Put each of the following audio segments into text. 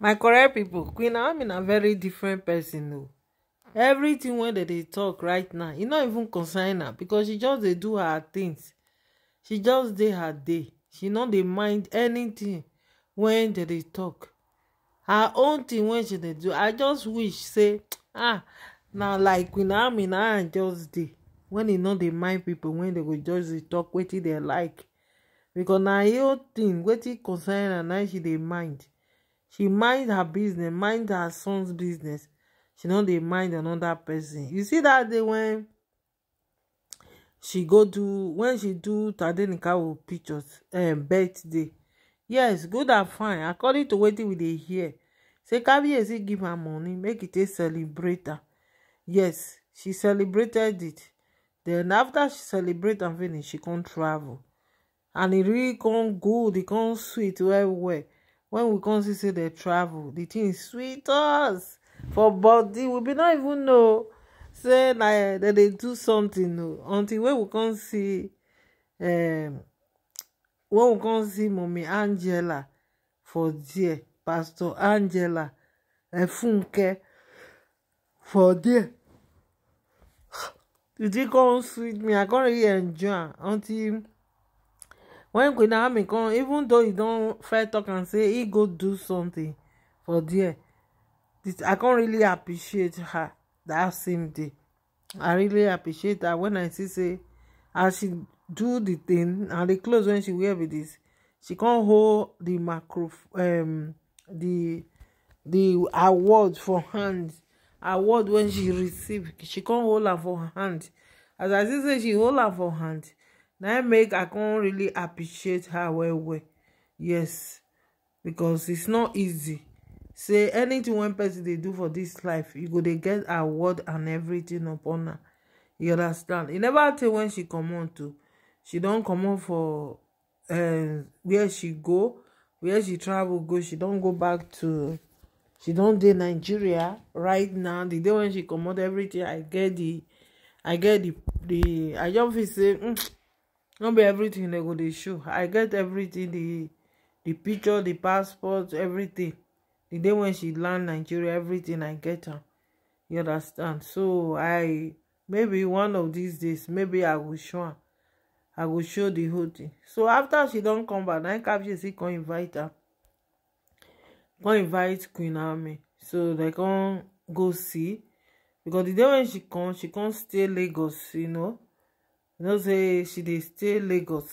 my correct people, queen naomi na very different person o everything wey dem dey talk right now e no even concern her because she just dey do her things she just dey her day she no dey mind anything wey dem dey talk her own thing wey she dey do i just wish say ah na like queen naomi na i just dey when e no dey mind people when dem go just dey talk wetin dem like because na her own tin wetin concern her na she dey mind she mind her business mind her sons business she no dey mind another person you see that day when she go do when she do tadenikawo pictures um, birthday yes good and fine according to wetin we dey hear say kabiyesi give her money make it e a celebrator. yes she celebrated it Then after she celebrate and finish she come travel and e really come good e come sweet well well When we come see say dem travel the thing sweet us for body we be not even know say na dem dey do something o until when we come see um when we come see mommy angela for dear pastor angela eh, Funke for dear, di tin come sweet me i come really enjoy am until When queen naomi come even though he don first tok am say he go do something for there i con really appreciate her that same day i really appreciate her when i see say as she do the thing and the clothes wey she wear be this, she con hold the macro um the the award for hand award wey she receive she con hold am for hand as i see say she hold am for hand na make i can't really appreciate her well well yes because its not easy say anything one person they do for this life you go dey get award and everything upon her you understand You e never tell when she come on to. she don't come on for uh, eh, wia she go where she travel go she don't go back to she don't dey nigeria right now The day when she come comot everything i get the, i get the the. i just feel say hmm, no be everything they go dey show i get everything the the picture the passport everything the day when she land nigeria everything i get her. you understand so i maybe one of these days maybe i will show am i will show the whole thing so after she don't come back na capture still come invite her. Go invite queen naomi so they can go see because the day when she come she can't stay lagos you know you know say she dey stay lagos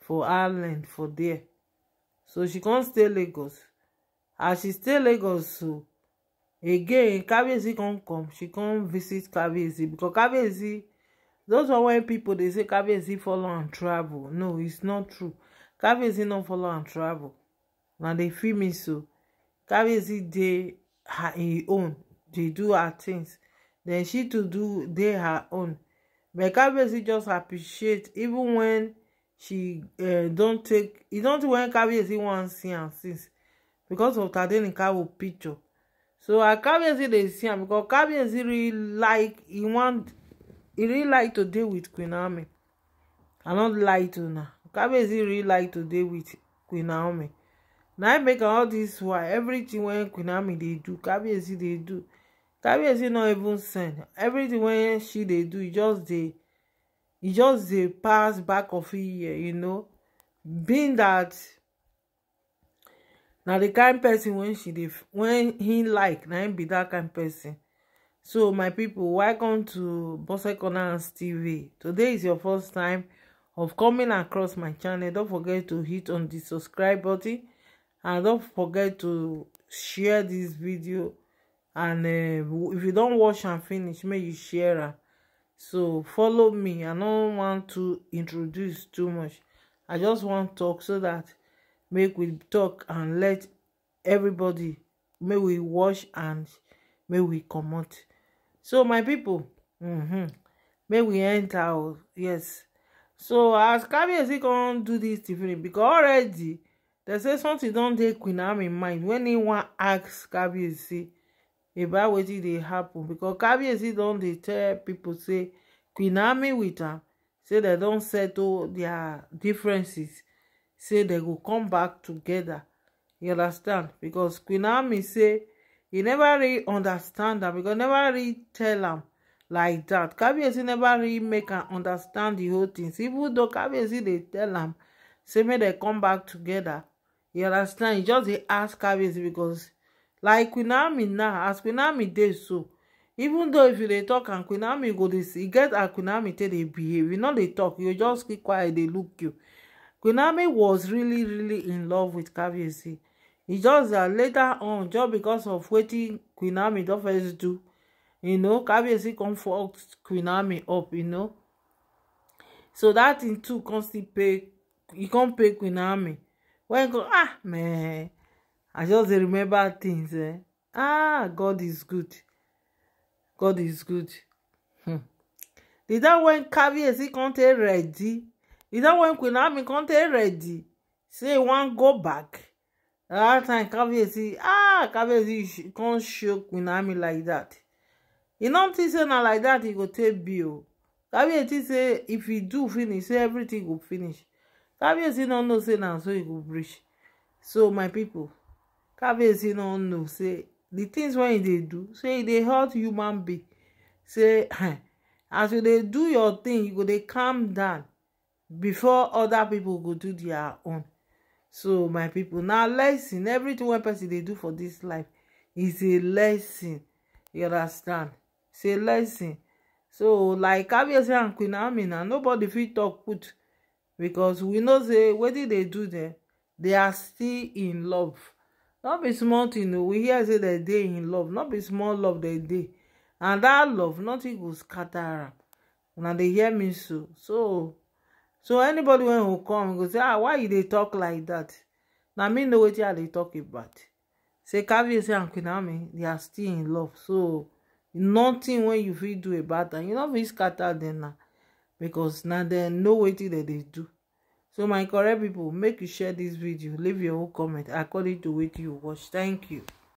for ireland for there so she can't stay lagos as she stay lagos so again kabiyesi can't come she come visit kabiyesi because kabiyesi those are when people They say kabiyesi follow and travel no it's not true kabiyesi no follow and travel Now they feel me so kabiyesi dey her own They do her things then she to do dey her own but kabiyesi just appreciate even when she uh, don't take e don't think when kabiyesi wan see and since because of Tadeni Kawo picture so as kabiyesi they see am because kabiyesi really like he want. He really like to deal with Queen Naomi i not lie to una kabiyesi really like to deal with Queen Naomi Now I make all this why everything when Queen Naomi they do kabiyesi they do kabiyesi no even send everything wey she they do e just dey e just dey pass back of e you know being that now the kind person when she dey when he like now him be that kind person so my people welcome to Bose Corners TV today is your first time of coming across my channel don't forget to hit on the subscribe button and don't forget to share this video and uh, if you don't wash and finish may you share am so follow me i don't want to introduce too much i just wan talk so that make we talk and let everybody may we watch and may we comot so my people, mm -hmm. make we enter yes so as kabiyesi come do this tiffany because already dem say something don't take queen am in mind wen e wan ask kabiyesi about wetin dey happen because kabiyesi don't tell people say queen ami wit am say dem don settle their differences say they will come back together. you understand Because queen ami say he never really understand am becos never really tell am like that. kabiyesi never really make am understand the whole tin even though kabiyesi they tell am say make dem come back together. you understand e just he ask kabiyesi because like queen naomi now as queen naomi dey so even though if you dey talk and queen naomi go dey see e get how queen naomi take dey behave you no dey talk you just keep quiet dey look you queen naomi was really really in love with Kabiyesi e just that later on just because of wetin queen naomi don first do you know Kabiyesi come fuck queen naomi up you know so that thing too come still pay e come pay queen naomi wen go e ah meh i just remember things eh ah god is good god is good hmm. that time when Kabiyesi come take ready Is that when Queen Naomi come take ready say he go back that time Kabiyesi ah Kabiyesi can't show Queen like that e don't think say na like that He go tell Bill. o say if e do finish say everything will finish Kabiyesi don't know say now, so he will breach. so my people kabezi no know say the things when they do say they hurt human being say as you dey do your thing you go they calm down before other people go do their own so my people now lesson everything wey person they do for this life is a lesson you understand say lesson so like obviously and queen amina nobody fit talk put because we know say wetin they do there they are still in love no be small thing. Oh. we hear say they dey in love no be small love they dey and that love nothing go scatter am una dey hear me so so so anybody wey go come go say ah why you dey talk like that? na me know wetin i dey talk about say Kabiyesi and Queen Naomi they are still in love so nothing wey you fit do about am you no fit scatter dem na because na dem know wetin dem dey do so my correct people, make you share this video leave your own comment according to wetin you watch thank you